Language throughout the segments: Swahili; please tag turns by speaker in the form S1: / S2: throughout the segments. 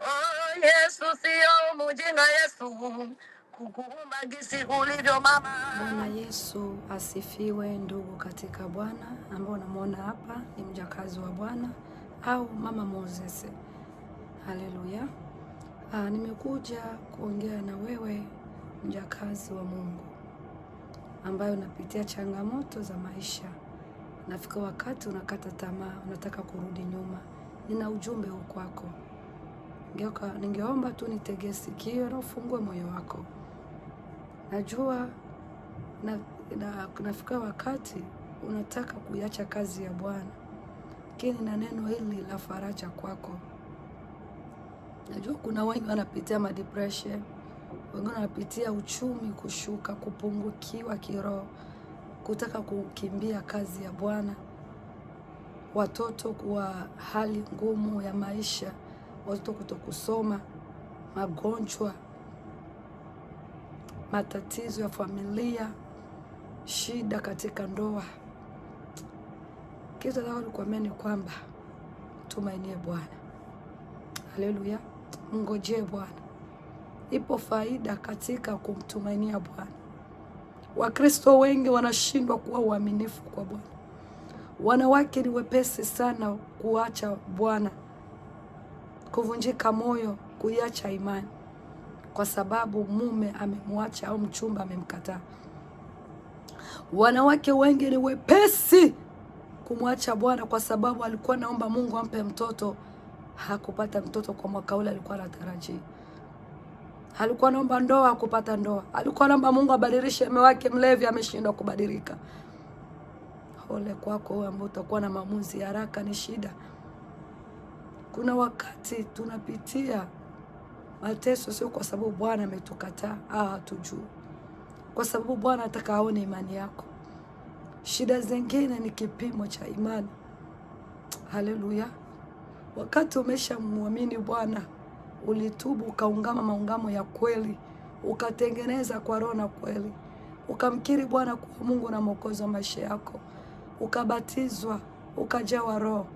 S1: Oh Yesu, sio mjinga Yesu, kukuumba gisi ulivyo mama. Bwana Yesu asifiwe, ndugu katika Bwana ambao unamwona hapa ni mjakazi wa Bwana au mama Moses. Haleluya. Ah, nimekuja kuongea na wewe mjakazi wa Mungu ambayo unapitia changamoto za maisha. Nafika wakati unakata tamaa, unataka kurudi nyuma. Nina ujumbe huu kwako. Ngeuka, ningeomba tu nitegee sikio na ufungue moyo wako. Najua na, na, nafika wakati unataka kuiacha kazi ya Bwana, lakini na neno hili la faraja kwako. Najua kuna wengi wanapitia madepression, wengine wanapitia uchumi kushuka, kupungukiwa kiroho, kutaka kukimbia kazi ya Bwana, watoto kuwa hali ngumu ya maisha watoto kutokusoma, magonjwa, matatizo ya familia, shida katika ndoa. Kitu nataka nikuambia ni kwamba tumainie Bwana. Haleluya, mngojee Bwana. Ipo faida katika kumtumainia Bwana. Wakristo wengi wanashindwa kuwa uaminifu kwa Bwana. Wanawake ni wepesi sana kuacha Bwana kuvunjika moyo, kuiacha imani kwa sababu mume amemwacha au mchumba amemkataa. Wanawake wengi ni wepesi kumwacha Bwana kwa sababu alikuwa naomba Mungu ampe mtoto, hakupata mtoto kwa mwaka ule alikuwa anatarajia. Alikuwa naomba ndoa, hakupata ndoa. Alikuwa naomba Mungu abadilishe mume wake mlevi, ameshindwa kubadilika. Ole kwako wewe ambao utakuwa na maamuzi ya haraka, ni shida. Kuna wakati tunapitia mateso, sio kwa sababu Bwana ametukataa au ah, hatujui, kwa sababu Bwana ataka aone imani yako. Shida zingine ni kipimo cha imani. Haleluya! Wakati umeshamwamini Bwana, ulitubu ukaungama maungamo ya kweli, ukatengeneza kwa roho na kweli, ukamkiri Bwana kuwa Mungu na mwokozi wa maisha yako, ukabatizwa, ukajawa Roho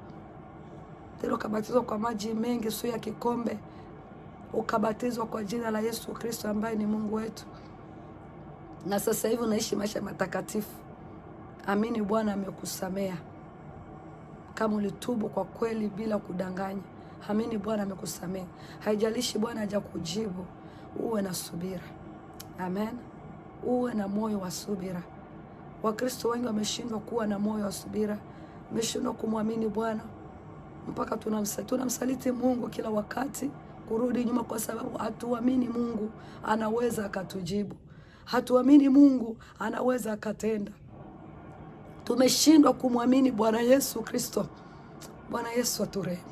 S1: tena ukabatizwa kwa maji mengi, sio ya kikombe, ukabatizwa kwa jina la Yesu Kristo ambaye ni Mungu wetu, na sasa hivi unaishi maisha matakatifu. Amini Bwana amekusamea kama ulitubu kwa kweli bila kudanganya. Amini Bwana amekusamea, haijalishi Bwana haja kujibu, uwe na subira. Amen, uwe na moyo wa subira. Wakristo wengi wameshindwa kuwa na moyo wa subira, wameshindwa kumwamini Bwana mpaka tunamsaliti Mungu kila wakati, kurudi nyuma, kwa sababu hatuamini Mungu anaweza akatujibu, hatuamini Mungu anaweza akatenda. Tumeshindwa kumwamini Bwana Yesu Kristo. Bwana Yesu aturehemu.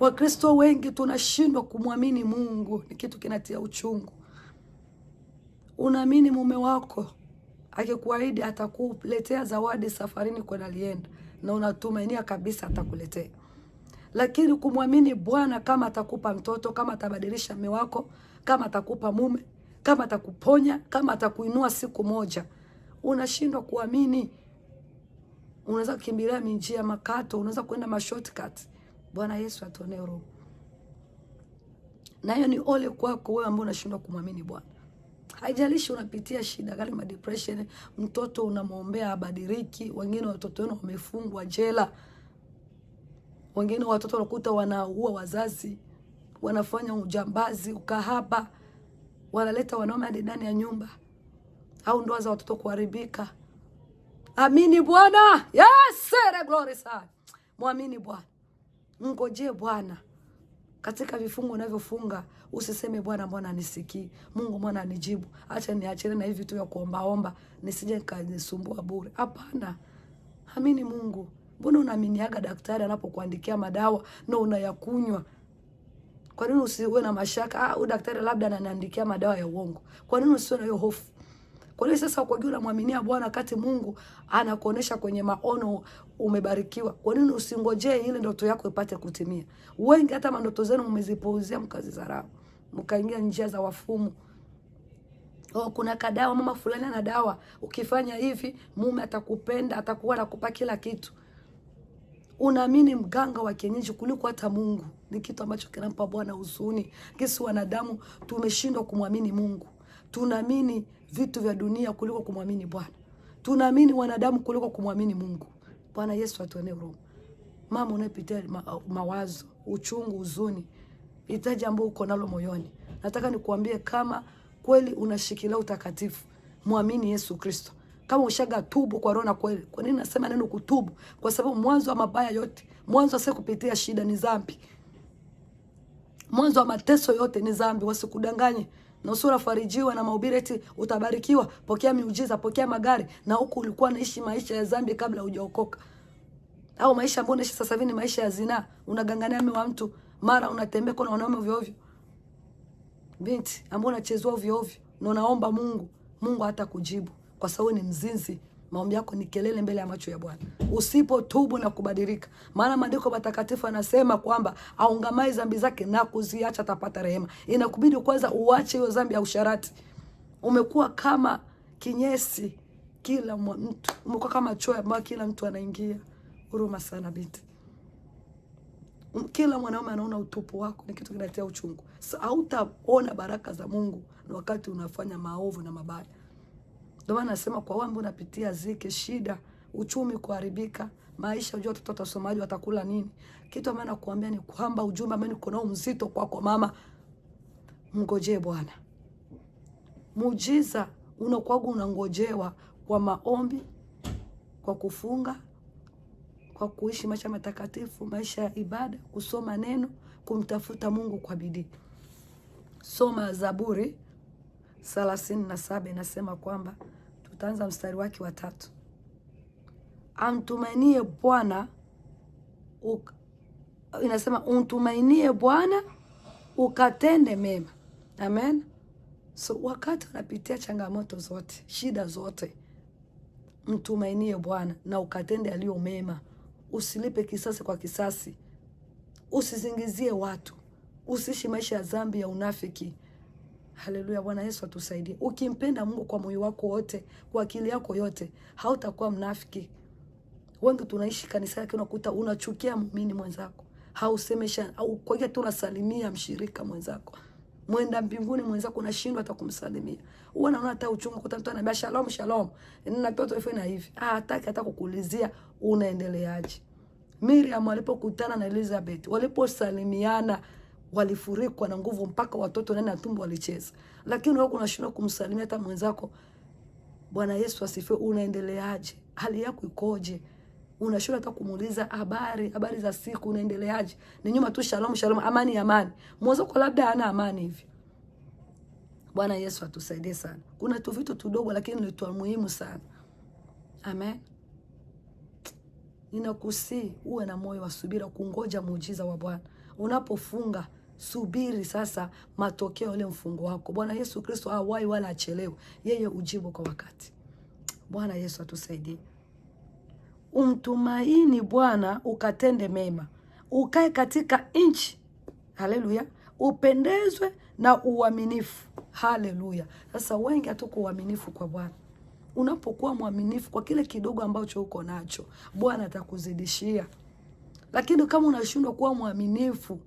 S1: Wakristo wengi tunashindwa kumwamini Mungu, ni kitu kinatia uchungu. Unaamini mume wako akikuahidi atakuletea zawadi safarini kwenda alienda, na unatumainia kabisa atakuletea lakini kumwamini Bwana kama atakupa mtoto, kama atabadilisha mme wako, kama atakupa mume, kama atakuponya, kama atakuinua siku moja, unashindwa kuamini. Unaweza kukimbilia njia makato, unaweza kwenda mashortcut. Bwana Yesu atuonee roho, Na hiyo ni ole kwako wewe ambaye unashindwa kumwamini Bwana. Haijalishi unapitia shida kali, ma depression, mtoto unamwombea abadiriki, wengine watoto wenu wamefungwa jela. Wengine watoto wanakuta wanaua wazazi, wanafanya ujambazi, ukahaba, wanaleta wanaume hadi ndani ya nyumba, au ndoa za watoto kuharibika. Amini Bwana. Yes, glory sana. Mwamini Bwana, mngojee Bwana katika vifungo unavyofunga usiseme, Bwana mbona nisikii? Mungu mbona nijibu? Acha niachane na hivi tu ya kuombaomba, nisije nikajisumbua bure. Hapana, amini Mungu. Mbona unaaminiaga daktari anapokuandikia madawa na unayakunywa? Kwa nini usiwe na mashaka? Ah, huyu daktari labda ananiandikia madawa ya uongo. Kwa nini usiwe na hiyo hofu? Kwa nini sasa kwa jua unamwaminia Bwana kati Mungu anakuonesha kwenye maono umebarikiwa? Kwa nini usingojee ile ndoto yako ipate kutimia? Wengi hata mandoto zenu mmezipuuzia mkazi zarau. Mkaingia njia za wafumu. Oh, kuna kadawa mama fulani ana dawa. Ukifanya hivi mume atakupenda, atakuwa anakupa kila kitu unaamini mganga wa kienyeji kuliko hata Mungu. Ni kitu ambacho kinampa Bwana huzuni, kisi wanadamu tumeshindwa kumwamini Mungu, tunaamini vitu vya dunia kuliko kumwamini Bwana, tunaamini wanadamu kuliko kumwamini Mungu. Bwana Yesu atuone huruma. Mama unayepitia ma mawazo, uchungu, huzuni, hitaji ambao uko nalo moyoni, nataka nikuambie kama kweli unashikilia utakatifu, mwamini Yesu Kristo. Kama ushaga tubu kwa roho na kweli, kwa nini nasema neno kutubu? Kwa sababu mwanzo wa mabaya yote, mwanzo wa kupitia shida ni dhambi, mwanzo wa mateso yote ni dhambi. Wasikudanganye na usura farijiwa na mahubiri eti utabarikiwa, pokea miujiza, pokea magari, na huku ulikuwa naishi maisha ya dhambi kabla hujaokoka, au maisha ambayo unaishi sasa hivi ni maisha ya zinaa, unagangania mume wa mtu, mara unatembea kwa wanaume ovyo ovyo, binti ambaye unachezewa ovyo ovyo, na unaomba Mungu, Mungu hata kujibu kwa sababu ni mzinzi. Maombi yako ni kelele mbele ya macho ya Bwana usipotubu na kubadilika, maana maandiko matakatifu anasema kwamba aungamai dhambi zake na kuziacha atapata rehema. Inakubidi kwanza uache hiyo dhambi ya usharati. Umekuwa kama kinyesi, kila mtu umekuwa kama choo ambayo kila mtu anaingia. Huruma sana binti, kila mwanaume anaona utupu wako, ni kitu kinatia uchungu. Hautaona baraka za Mungu wakati unafanya maovu na mabaya. Ndio maana nasema kwa wambo unapitia ziki, shida, uchumi kuharibika, maisha, unajua watoto watasomaji watakula nini? Kitu ambacho nakuambia ni kwamba ujumbe ambao niko nao mzito kwako, kwa mama, mngojee Bwana. Muujiza unakuwaga unangojewa kwa maombi, kwa kufunga, kwa kuishi maisha matakatifu, maisha ya ibada, kusoma neno, kumtafuta Mungu kwa bidii. Soma Zaburi thelathini na saba inasema kwamba tutaanza mstari wake wa tatu, amtumainie Bwana uk, inasema umtumainie Bwana ukatende mema. Amen. So wakati unapitia changamoto zote, shida zote, mtumainie Bwana na ukatende aliyo mema. Usilipe kisasi kwa kisasi, usizingizie watu, usiishi maisha ya dhambi ya unafiki Haleluya, Bwana Yesu atusaidie. Ukimpenda Mungu kwa moyo wako wote, kwa akili yako yote, hautakuwa mnafiki. Wengi tunaishi kanisa yake, unakuta unachukia muumini mwenzako, hausemesha au kwake tu unasalimia mshirika mwenzako, mwenda mbinguni mwenzako, unashindwa hata kumsalimia. Huwa naona hata uchungu, kuta mtu ananiambia shalom shalom, nina mtoto hivi na hivi, ah, hataki hata kukuulizia unaendeleaje. Miriam alipokutana na Elizabeth, waliposalimiana walifurikwa na nguvu mpaka watoto ndani ya tumbo walicheza, lakini wewe unashindwa kumsalimia hata mwenzako. Bwana Yesu asifiwe. Unaendeleaje? hali yako ikoje? Unashindwa hata kumuuliza habari, habari za siku, unaendeleaje? Ni nyuma tu, shalom shalom, amani amani. Mwenzako labda hana amani hivi. Bwana Yesu atusaidie sana. Kuna tu vitu tudogo, lakini ni muhimu sana. Amen. Ninakusii uwe na moyo wa subira kungoja muujiza wa Bwana unapofunga subiri sasa matokeo ile mfungo wako. Bwana Yesu Kristo hawai wala achelewe, yeye ujibu kwa wakati. Bwana Yesu atusaidie. Umtumaini Bwana ukatende mema, ukae katika nchi. Haleluya, upendezwe na uaminifu. Haleluya. Sasa wengi hatuko uaminifu kwa Bwana. Unapokuwa mwaminifu kwa kile kidogo ambacho uko nacho, Bwana atakuzidishia. Lakini kama unashindwa kuwa mwaminifu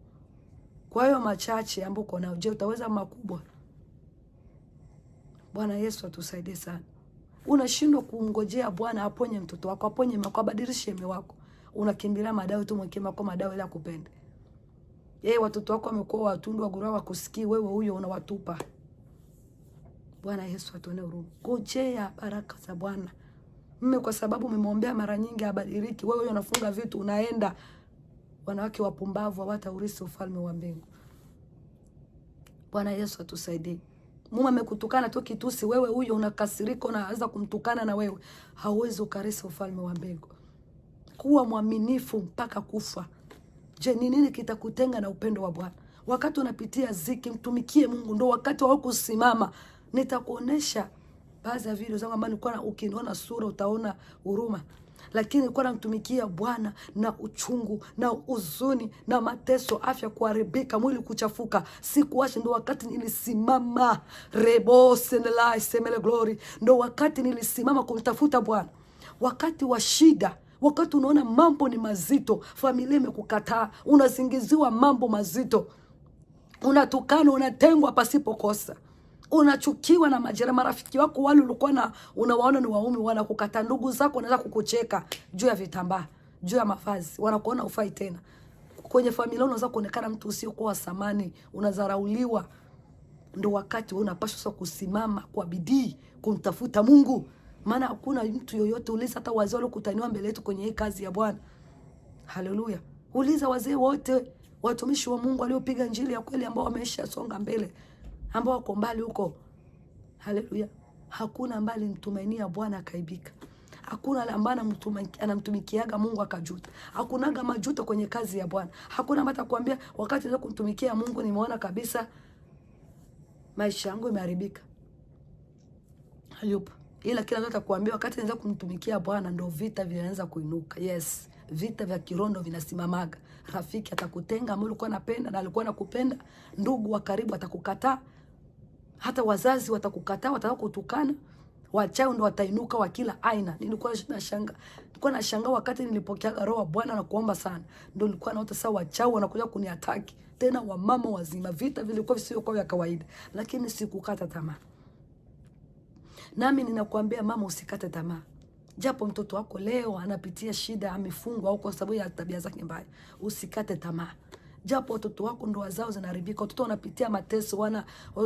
S1: kwa hiyo machache ambayo uko nayo, je, utaweza makubwa? Bwana Yesu atusaidie sana. Unashindwa kumngojea Bwana aponye mtoto wako, aponye mako, abadilishe mume wako, unakimbilia madawa tu, mwekee mako madawa ila kupende yeye. Watoto wako wamekuwa watundu, wagura, wakusikii wewe, huyo unawatupa. Bwana Yesu atuone huruma. Ngojea baraka za Bwana. Mme kwa sababu umemwombea mara nyingi, abadiliki, wewe unafunga vitu, unaenda wanawake wapumbavu hawata urithi ufalme wa mbingu. Bwana Yesu atusaidie. Mume amekutukana tu kitusi, wewe huyo unakasirika, unaanza kumtukana na wewe, hauwezi ukarithi ufalme wa mbingu. Kuwa mwaminifu mpaka kufa. Je, ni nini kitakutenga na upendo wa Bwana? Wakati unapitia ziki, mtumikie Mungu, ndo wakati wa kusimama. Nitakuonesha baadhi ya video zangu ambao nilikuwa ukiniona sura utaona huruma lakini nilikuwa namtumikia Bwana na uchungu na huzuni na mateso, afya kuharibika, mwili kuchafuka, sikuacha. Ndo wakati nilisimama rebo glori glory, ndo wakati nilisimama kumtafuta Bwana wakati wa shida wakati unaona mambo ni mazito, familia imekukataa, unazingiziwa mambo mazito, unatukana, unatengwa pasipokosa unachukiwa na majira. marafiki wako wale ulikuwa na unawaona ni waumi, wanakukata. Ndugu zako wanaweza kukucheka juu ya vitambaa, juu ya mavazi, wanakuona ufai tena. Kwenye familia unaweza kuonekana mtu usiokuwa wa thamani, unadharauliwa. Ndo wakati wewe unapaswa sasa kusimama kwa bidii kumtafuta Mungu, maana hakuna mtu yoyote. Uliza hata wazee waliokutaniwa mbele yetu kwenye hii kazi ya Bwana. Haleluya! Uliza wazee wote watumishi wa Mungu waliopiga njili ya kweli ambao wameshasonga mbele ambao wako mbali huko. Haleluya! Hakuna mbali mtumainia Bwana akaibika. Hakuna ambaye anamtumikiaga Mungu akajuta. Hakunaga majuto kwenye kazi ya Bwana. Hakuna ambaye atakwambia wakati za kumtumikia Mungu nimeona kabisa maisha yangu imeharibika. Hayupo. Ila kila mtu atakwambia wakati anaweza kumtumikia Bwana ndio vita vinaanza kuinuka. Yes, vita vya kirondo vinasimamaga. Rafiki atakutenga ambaye ulikuwa unapenda na alikuwa anakupenda, ndugu wa karibu atakukataa hata wazazi watakukataa, wataka kutukana, wachao ndo watainuka wa kila aina. Nilikuwa nashangaa, nilikuwa nashangaa wakati nilipokea roho wa Bwana na kuomba sana, ndo nilikuwa naota sasa wachao wanakuja kuniataki tena, wamama wazima. Vita vilikuwa kwa vya kawaida, lakini sikukata tamaa. Nami ninakuambia mama, usikate tamaa japo mtoto wako leo anapitia shida, amefungwa huko sababu ya tabia zake mbaya, usikate tamaa japo watoto wako ndoa zao zinaharibika, watoto wanapitia mateso, wana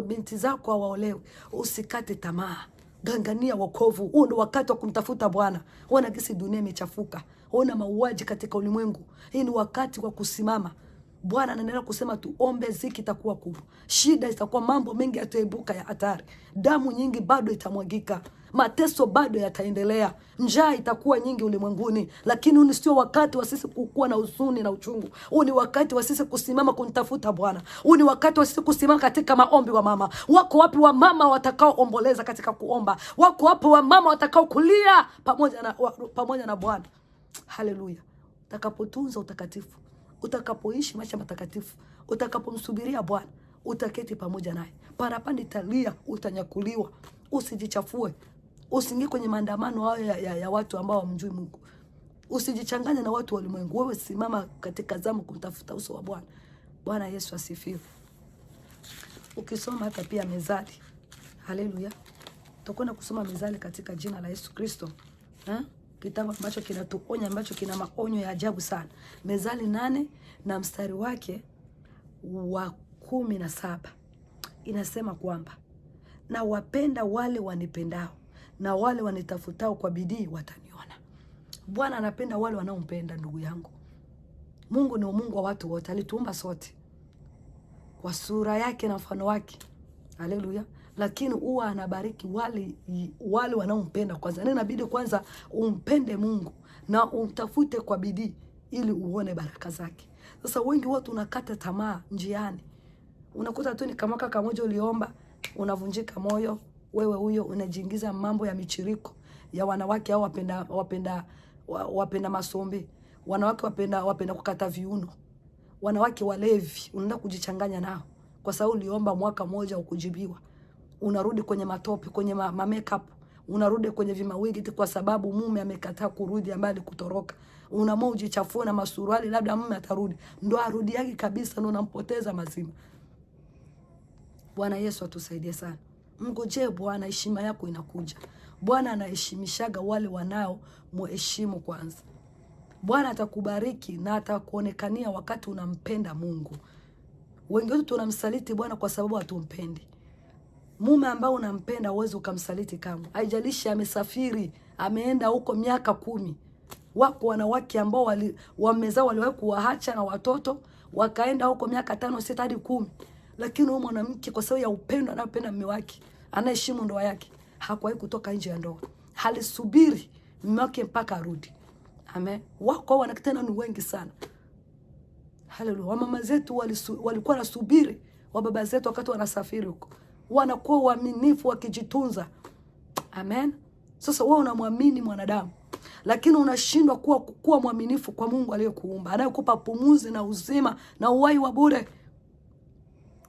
S1: binti zako hawaolewi, usikate tamaa. Gangania wokovu. Huu ndo wakati wa kumtafuta Bwana. Ona gisi dunia imechafuka, ona mauaji katika ulimwengu. Hii ni wakati wa kusimama. Bwana anaendelea kusema tuombe, ziki itakuwa kubwa, shida itakuwa, mambo mengi yataibuka ya hatari, damu nyingi bado itamwagika mateso bado yataendelea, njaa itakuwa nyingi ulimwenguni, lakini huu sio wakati wa sisi kukuwa na huzuni na uchungu. Huu ni wakati wa sisi kusimama kumtafuta Bwana. Huu ni wakati wa sisi kusimama katika maombi. Wa mama wako wapi? Wa mama watakaoomboleza katika kuomba wako wapi? Wa mama watakao kulia pamoja na, wa, pamoja na Bwana. Haleluya! Utakapotunza utakatifu, utakapoishi maisha matakatifu, utakapomsubiria Bwana utaketi pamoja naye. Parapanda italia, utanyakuliwa. Usijichafue. Usiingie kwenye maandamano hayo ya, ya, ya watu ambao wamjui Mungu. Usijichanganye na watu wa ulimwengu. Wewe simama katika zamu kumtafuta uso wa Bwana. Bwana Yesu asifiwe. Ukisoma hata pia mezali. Haleluya. Tutakwenda kusoma mezali katika jina la Yesu Kristo. Ha? Kitabu ambacho kinatuonya ambacho kina maonyo ya ajabu sana. Mezali nane na mstari wake wa kumi na saba inasema kwamba nawapenda wale wanipendao na wale wanitafutao kwa bidii wataniona. Bwana anapenda wale wanaompenda, ndugu yangu. Mungu ni Mungu wa watu wote, alituumba sote kwa sura yake na mfano wake. Haleluya! Lakini huwa anabariki wale wale wanaompenda kwanza. Na inabidi kwanza umpende Mungu na umtafute kwa bidii ili uone baraka zake. Sasa wengi watu unakata tamaa njiani, unakuta tu ni kamaka kamoja uliomba, unavunjika moyo wewe huyo unajiingiza mambo ya michiriko ya wanawake au wapenda wapenda wapenda masombe, wanawake wapenda wapenda kukata viuno, wanawake walevi. Unaenda kujichanganya nao kwa sababu uliomba mwaka mmoja ukujibiwa, unarudi kwenye matope, kwenye ma, ma makeup unarudi kwenye vimawigi kwa sababu mume amekataa kurudi, ambaye alikutoroka. Unaamua ujichafue na masuruali, labda mume atarudi. Ndo arudi yake kabisa, ndo unampoteza mazima. Bwana Yesu atusaidie sana. Mngojee Bwana, heshima yako inakuja. Bwana anaheshimishaga wale wanao muheshimu kwanza. Bwana atakubariki na atakuonekania wakati unampenda Mungu. Wengi wetu tunamsaliti Bwana kwa sababu hatumpendi. Mume ambao unampenda uweze ukamsaliti kamwe, haijalishi amesafiri, ameenda huko miaka kumi. Wako wanawake ambao wali, wamezao waliwahi kuwaacha na watoto wakaenda huko miaka tano sita hadi kumi. Lakini huyo mwanamke kwa sababu ya upendo anayopenda mume wake, anaheshimu ndoa yake, hakuwahi kutoka nje ya ndoa. halisubiri mume wake mpaka arudi. Amen. Wako wana kitana ni wengi sana. Haleluya. Wamama zetu walikuwa wali nasubiri wa baba zetu wakati wanasafiri huko. Wanakuwa waaminifu wakijitunza. Amen. Sasa wewe unamwamini mwanadamu lakini unashindwa kuwa kuwa mwaminifu kwa Mungu aliyekuumba, anayekupa pumuzi na uzima na uhai wa bure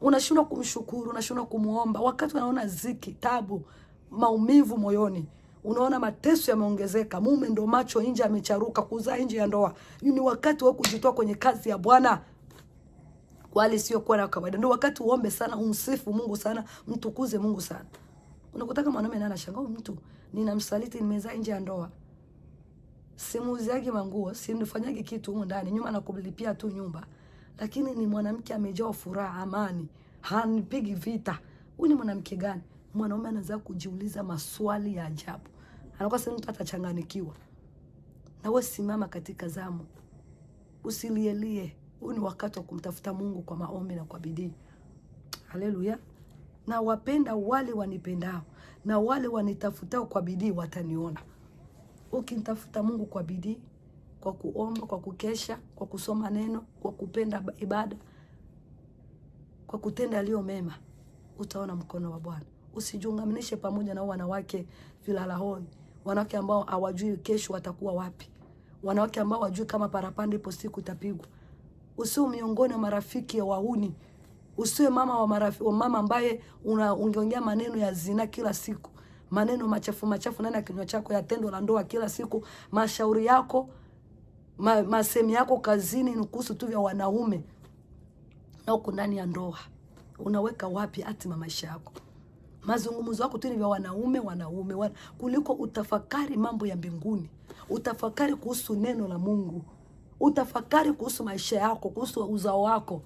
S1: unashindwa kumshukuru, unashindwa kumuomba, wakati unaona ziki, tabu, maumivu moyoni, unaona mateso yameongezeka, mume ndo macho nje amecharuka, kuzaa nje ya ndoa. Ni wakati wa kujitoa kwenye kazi ya Bwana wale sio kuwa na kawaida. Ndio wakati uombe sana, umsifu Mungu sana, mtukuze Mungu sana. Unakutaka mwanamume nana shangao mtu ninamsaliti, nimezaa nje ya ndoa, simuuziagi manguo, simfanyagi kitu huko ndani, nyuma nakulipia tu nyumba lakini ni mwanamke amejaa furaha, amani, hanipigi vita. Huyu ni mwanamke gani? Mwanaume anaweza kujiuliza maswali ya ajabu, anakuwa sasa mtu atachanganikiwa. Na wewe simama katika zamu, usilielie. Huu ni wakati wa kumtafuta Mungu kwa maombi na kwa bidii. Haleluya. Na wapenda wale wanipendao na wale wanitafutao kwa bidii wataniona. ukimtafuta Mungu kwa bidii kwa kuomba, kwa kukesha, kwa kusoma neno, kwa kupenda ibada, kwa kutenda yaliyo mema, utaona mkono wa Bwana. Usijiungamanishe pamoja na wanawake vilala hoi, wanawake ambao hawajui kesho watakuwa wapi, wanawake ambao wajui kama parapanda ipo siku itapigwa. Usiwe miongoni wa marafiki ya wahuni. Usiwe mama wa marafiki, wa mama ambaye ungeongea maneno ya zina kila siku, maneno machafu machafu ndani ya kinywa chako, ya tendo la ndoa kila siku, mashauri yako ma, masemi yako kazini ni kuhusu tu vya wanaume na uko ndani ya ndoa unaweka wapi hatima maisha yako? Mazungumzo yako tu ni vya wanaume wanaume wana, kuliko utafakari mambo ya mbinguni, utafakari kuhusu neno la Mungu, utafakari kuhusu maisha yako, kuhusu uzao wako.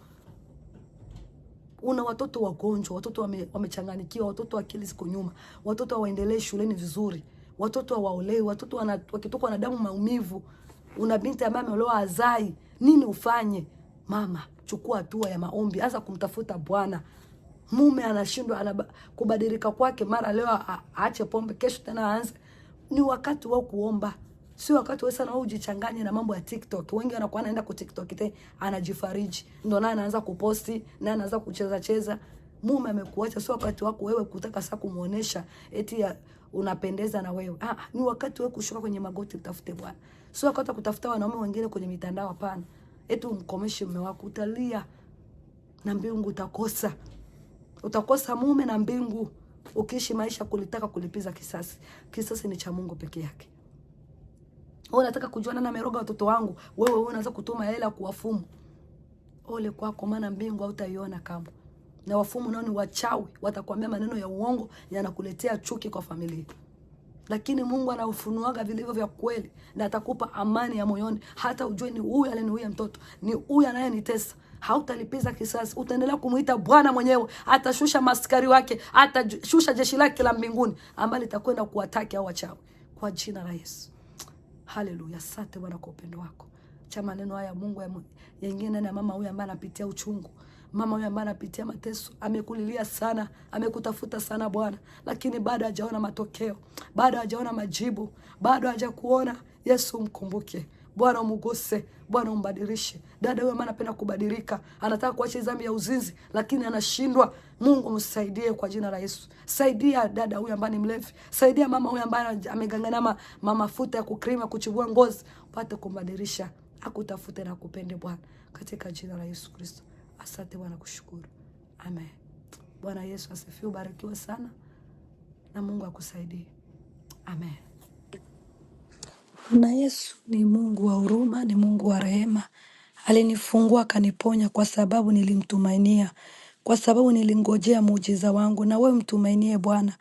S1: Una watoto wagonjwa, watoto wame, wamechanganikiwa, watoto akili ziko nyuma, watoto hawaendelee shuleni vizuri, watoto hawaolewi, watoto wakitokwa na damu maumivu una binti ambaye ameolewa azai, nini ufanye? Mama, chukua hatua ya maombi, anza kumtafuta Bwana. Mume anashindwa anaba, kubadilika kwake, mara leo aache pombe, kesho tena aanze. Ni wakati wa kuomba, sio wakati wewe sana ujichanganye na mambo ya TikTok. Wengi wanakuwa anaenda ku TikTok te anajifariji, ndio naye anaanza kuposti na anaanza kucheza cheza. Mume amekuacha, sio wakati wako wewe kutaka sasa kumuonesha eti ya, unapendeza na wewe. Ah, ah ni wakati wewe kushuka kwenye magoti, utafute Bwana. Sio akata kutafuta wanaume wengine kwenye mitandao, hapana. Eti umkomeshe mume wako, utalia na mbingu utakosa. Utakosa mume na mbingu ukiishi maisha kulitaka kulipiza kisasi. Kisasi ni cha Mungu peke yake. Wewe unataka kujua nani ameroga watoto wangu, wewe wewe unaanza kutuma hela kuwafumu. Ole kwako, maana mbingu hautaiona kama na wafumu nao ni wachawi, watakwambia maneno ya uongo, yanakuletea chuki kwa familia lakini Mungu anaufunuaga vilivyo vya kweli, na atakupa amani ya moyoni, hata ujue ni huyu aliniuya mtoto, ni huyu anayenitesa. Hautalipiza kisasi, utaendelea kumwita Bwana mwenyewe. Atashusha maskari wake, atashusha jeshi lake la mbinguni ambalo litakwenda kuwataki au wachawi kwa jina la Yesu. Haleluya! Asante Bwana kwa upendo wako. Cha maneno haya Mungu yengine ya mama huyu ambaye anapitia uchungu Mama huyu ambaye anapitia mateso amekulilia sana, amekutafuta sana Bwana, lakini bado hajaona matokeo, bado hajaona majibu, bado hajakuona. Yesu, mkumbuke Bwana umguse, Bwana umbadilishe dada huyo, maana anapenda kubadilika, anataka kuacha dhambi ya uzinzi lakini anashindwa. Mungu msaidie kwa jina la Yesu. Saidia dada huyo ambaye ni mlevi, saidia mama huyo ambaye amegangana na mafuta ya kukrima kuchubua ngozi, upate kumbadilisha, akutafute na kupende Bwana, katika jina la Yesu Kristo. Asante Bwana, kushukuru. Amen. Bwana Yesu asifiwe, ubarikiwe sana na Mungu akusaidie. Amen. Bwana Yesu ni Mungu wa huruma, ni Mungu wa rehema. Alinifungua akaniponya kwa sababu nilimtumainia, kwa sababu nilingojea muujiza wangu. Na wewe mtumainie Bwana,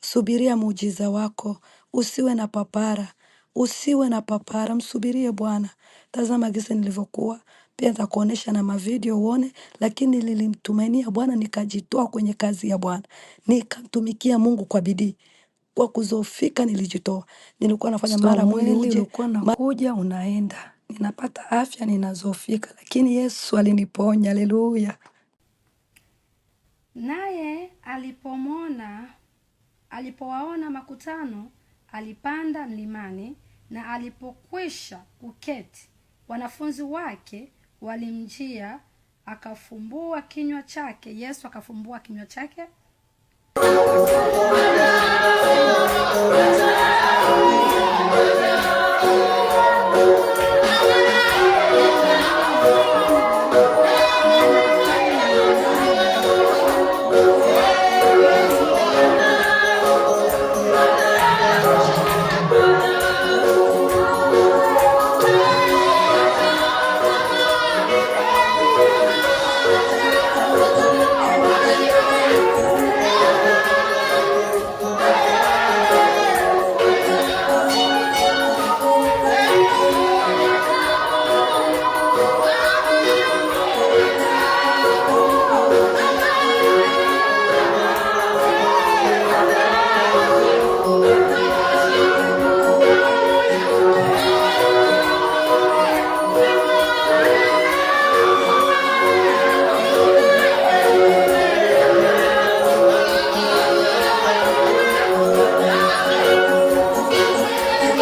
S1: subiria muujiza wako, usiwe na papara, usiwe na papara, msubirie Bwana. Tazama gisi nilivyokuwa pia nitakuonesha na mavideo uone, lakini nilimtumainia Bwana nikajitoa kwenye kazi ya Bwana, nikamtumikia Mungu kwa bidii. Kwa kuzofika nilijitoa, nilikuwa nafanya So mara mwili uje, unaenda, ninapata afya, ninazofika lakini Yesu aliniponya. Haleluya!
S2: Naye alipomwona, alipowaona makutano, alipanda mlimani, na alipokwisha kuketi, wanafunzi wake walimjia, akafumbua kinywa chake. Yesu akafumbua kinywa chake